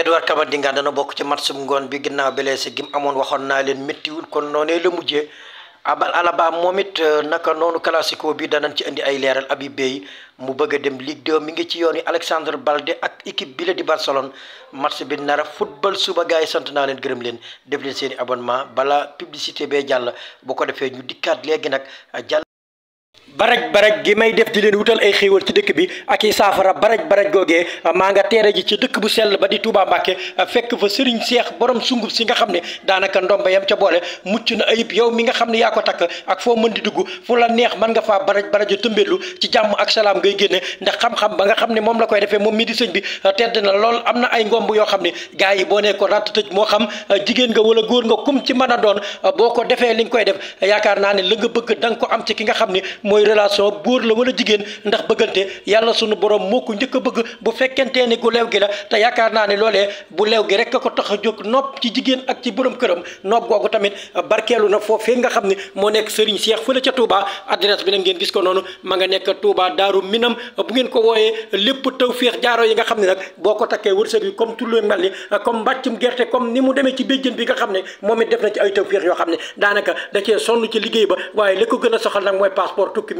Edouard Camavinga dana bokk ci match bu ngoon bi ginnaaw blessé gi mu amoon waxoon naa leen méttiwul kon noonee la mujjee abal alaba moom it euh, naka noonu classico bi danañ ci indi ay leeral abi bay mu bëgg a dem Ligue 2 mi ngi ci yoon yi Alexandre Balde ak équipe bi la di Barcelone match bi nar a football suba gars yi sant naa leen gërëm leen def leen seen i bala publicité bee jàll bu ko defee ñu dikkaat léegi nag jàll baraj baraj gi may def di leen wutal ay xéewal ci dëkk bi ak i saafara baraj baraj googee maa nga teere ji ci dëkk bu sell ba di Touba Mbàkke fekk fa Serigne Seex borom sungub si nga xam ne daanaka ndomba yam ca boole mucc na ay ayib yow mi nga xam ne yaa ko takk ak foo mën di dugg fu la neex mën nga faa baraj baraju tëmbétlu ci jàmm ak salaam ngay génne ndax xam-xam ba nga xam ne moom la koy defee moom mi di sëñ bi uh, tedd na lool am na ay ngomb yoo xam ne gars yi boo ne ko ratt tëj moo xam uh, jigéen nga wala góor nga kum ci mën a doon uh, boo ko defee li nga koy def yaakaar naa ne la nga bëgg am ci ki nga xam ne relation góor la wala jigéen ndax bëggante yàlla sunu borom moo ko njëkk a bëgg bu fekkentee ni gu leew gi la te yaakaar naa ne loole bu leew gi rek ko tax a jóg nopp ci jigéen ak ci borom këram nopp googu tamit barkeelu na foofee nga xam ne moo nekk Serigne Cheikh fële ca Touba adresse bi nag ngeen gis ko noonu ma nga nekk Touba Daaru Minam bu ngeen ko wooyee lépp taw féex jaaro yi nga xam ne nag boo ko takkee wërsëg yi comme tullu mel ni comme mbàccum gerte comme ni mu demee ci béjjën bi nga xam ne moom it def na ci xam ne daanaka da cee ci liggéey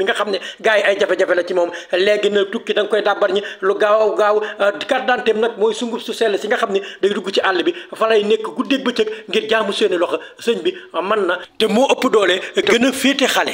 a bi nga xam ne gars yi ay jafe-jafe la ci moom léegi na tukki danga koy dàbbar ñi lu gaaw gaaw euh, carte d'identité nag mooy sungu su sell si nga xam ne day dugg ci àll bi fa lay nekk guddeeg bëccëg ngir jaamu seeni loxo sëñ bi man na te moo ëpp doole gën a féete xale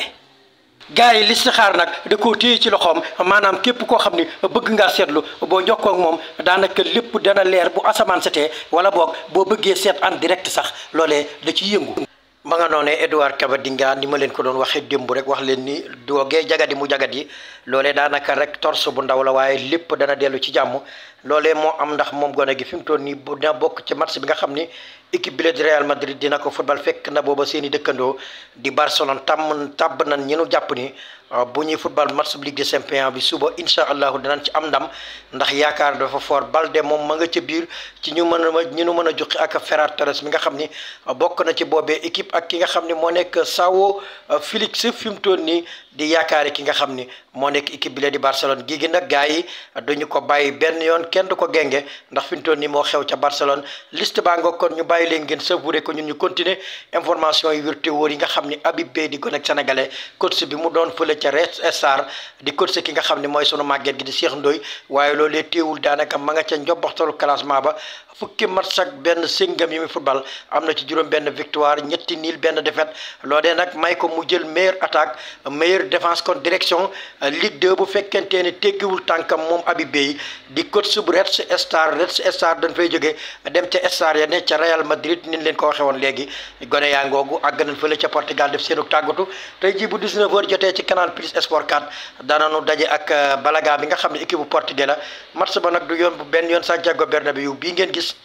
gars yi listixaar nag da koo téye ci loxoom maanaam képp koo xam ni bëgg nga seetlu boo jokkoo ak moom daanaka lépp dana leer bu asamaan setee wala boog boo bëggee seet en direct sax loole da ci yëngu ma nga noonee Edouard Kabadinga ni ma leen ko doon waxee démb rek wax leen ni doogee jagadi mu jagadi loolee daanaka rek torse bu ndaw la waaye lépp dana dellu ci jàmm loolee moo am ndax moom gone gi fi mu toll nii dina bokk ci match bi nga xam ni équipe bi la di Real Madrid dina ko football fekk na booba seeni dëkkandoo di Barcelone tàmm tàbb na ñi jàpp ni. Euh, bu ñuy football match bu Ligue des Champions bi suba incha allahu dinañ ci am ndam ndax yaakaar dafa fort Balde moom ma nga ca biir ci ñu mën a ñu nu mën a joxe ak Ferran Torres mi nga xam ni euh, bokk na ci boobee équipe ak ki nga xam ni moo nekk Sao euh, Félix fi mu toll nii di yaakaare ki nga xam ni moo nekk équipe bi la di Barcelone gii gi nag gaa yi duñu ko bàyyi benn yoon kenn du ko génge ndax fi mu nii moo xew ca Barcelone liste baa nga kon ñu bàyyi leen ngeen savouré ko ñun ñu continuer information yi wérte wóor yi nga xam ni Habib Beye di gone ak sénégalais coach bi mu doon fële ca Red Star di coach ki nga xam ne mooy sunu màgget gi di Cheikh Ndoye waaye loolee téewul daanaka ma nga ca njobbaxtalu classement ba fukki match ak benn séngam yi mu football am na ci juróom benn victoire ñetti niil benn défaite loolee nag may ko mu jël meilleure attaque meilleure défense kon direction Ligue 2 bu fekkentee ne teggiwul tànkam moom abi Beye di coach bu Red Star Red Star dañ fay jógee dem ca Star ya ne ca Real Madrid ni leen ko waxee woon léegi gone yaa ngoogu àgg nañ fële ca Portugal def seenu tàggatu tey jii bu 19h jotee ci Canal Plus Sport 4 daananu daje ak euh, Balaga bi nga xam ne équipe bu Portugais la match ba nag du yoon bu benn yoon Santiago Bernabéu bi ngeen gis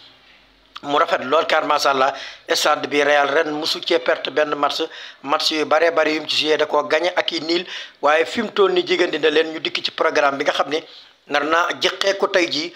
mu rafet lool car macha allah stade bi Real ren mosu cee perte benn match match yu baree bari yu mu ci joué da koo gagné ak i niil waaye fi mu toll nii jigéen dina leen ñu dikk ci programme bi nga xam ne nar naa jeqee ko tey jii.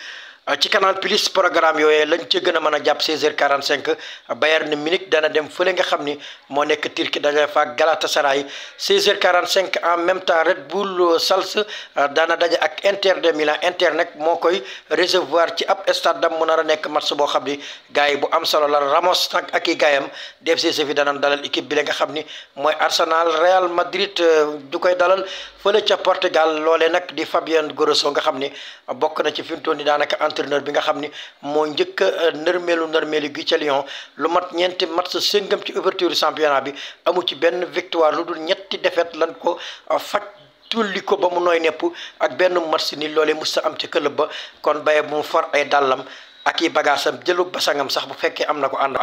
Ah, ci canal plus programme yooyu lañ ci gën mën a jàpp 16h45 Bayern Munich dana dem fële nga xam ni moo nekk Turquie daje fa ak Galatasaray 16h45 en même temps Red Bull Salzbourg ah, dana daje ak Inter de Milan Inter nag moo koy recevoir ci ab stade dam mu nar a nekk match boo xam ni gars yi bu am solo la Ramos nag ak i gaayam DFC Séville dana dalal équipe bi la nga xam ni mooy Arsenal Real Madrid ah, du koy dalal fële ca Portugal loolee nag di Fabien Grosso nga xam ni bokk na ci fi mu toll nii daanaka entraîneur bi nga xam ni moo njëkk a euh, nërmeelu nërmeelu gi ca Lyon lu mat ñeenti match sëngam ci ouverture championnat bi amu ci benn victoire lu dul ñetti défaite lan ko euh, faj tulli ko ba mu nooy nepp ak benn mat si ni loolee mus sa am ca club ba kon baye bu mu for ay dàllam ak i bagaasam jëlu basangam sax bu fekkee am na ko ànd